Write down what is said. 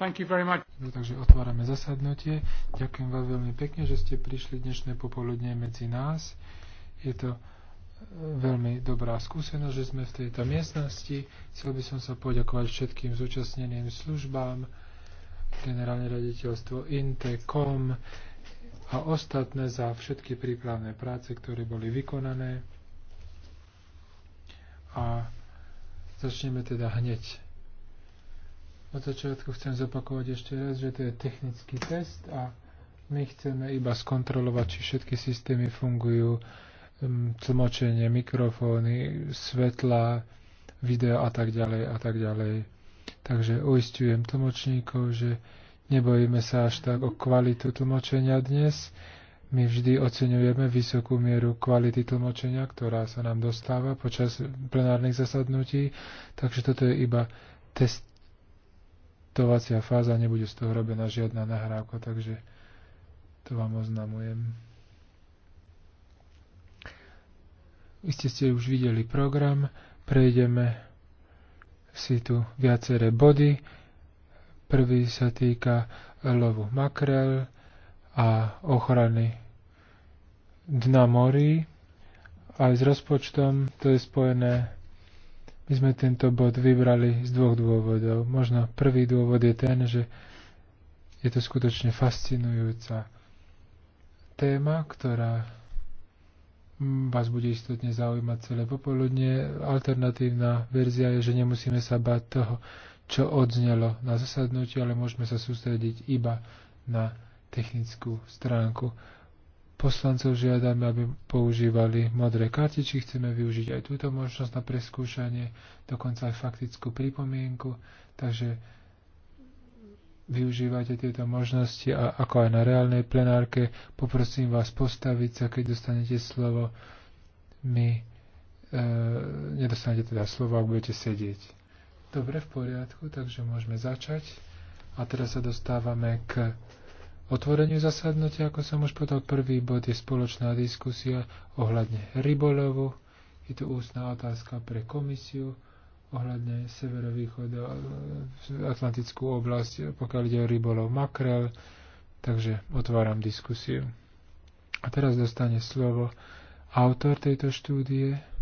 No, takže otvárame zasadnutie. Ďakujem vám veľmi pekne, že ste prišli dnešné popoludne medzi nás. Je to e, veľmi dobrá skúsenosť, že sme v tejto miestnosti. Chcel by som sa poďakovať všetkým zúčastneným službám, generálne raditeľstvo Inte.com a ostatné za všetky prípravné práce, ktoré boli vykonané. A začneme teda hneď na začiatku chcem zopakovať ešte raz, že to je technický test a my chceme iba skontrolovať, či všetky systémy fungujú, hm, tlmočenie, mikrofóny, svetla, video a tak ďalej a tak ďalej. Takže uistujem tlmočníkov, že nebojíme sa až tak o kvalitu tlmočenia dnes. My vždy oceňujeme vysokú mieru kvality tlmočenia, ktorá sa nám dostáva počas plenárnych zasadnutí, takže toto je iba test testovacia fáza, nebude z toho robená žiadna nahrávka, takže to vám oznamujem. ste, ste už videli program, prejdeme si tu viaceré body. Prvý sa týka lovu makrel a ochrany dna morí. Aj s rozpočtom to je spojené my sme tento bod vybrali z dvoch dôvodov. Možno prvý dôvod je ten, že je to skutočne fascinujúca téma, ktorá vás bude istotne zaujímať celé popoludne. Alternatívna verzia je, že nemusíme sa báť toho, čo odznelo na zasadnutí, ale môžeme sa sústrediť iba na technickú stránku Poslancov žiadame, aby používali modré kartičky. Chceme využiť aj túto možnosť na preskúšanie, dokonca aj faktickú pripomienku. Takže využívate tieto možnosti a ako aj na reálnej plenárke, poprosím vás postaviť sa, keď dostanete slovo. My e, nedostanete teda slovo, ak budete sedieť. Dobre, v poriadku, takže môžeme začať. A teraz sa dostávame k otvoreniu zasadnutia, ako som už povedal, prvý bod je spoločná diskusia ohľadne rybolovu. Je tu ústna otázka pre komisiu ohľadne severovýchod eh, Atlantickú oblasť, pokiaľ ide o rybolov makrel. Takže otváram diskusiu. A teraz dostane slovo autor tejto štúdie,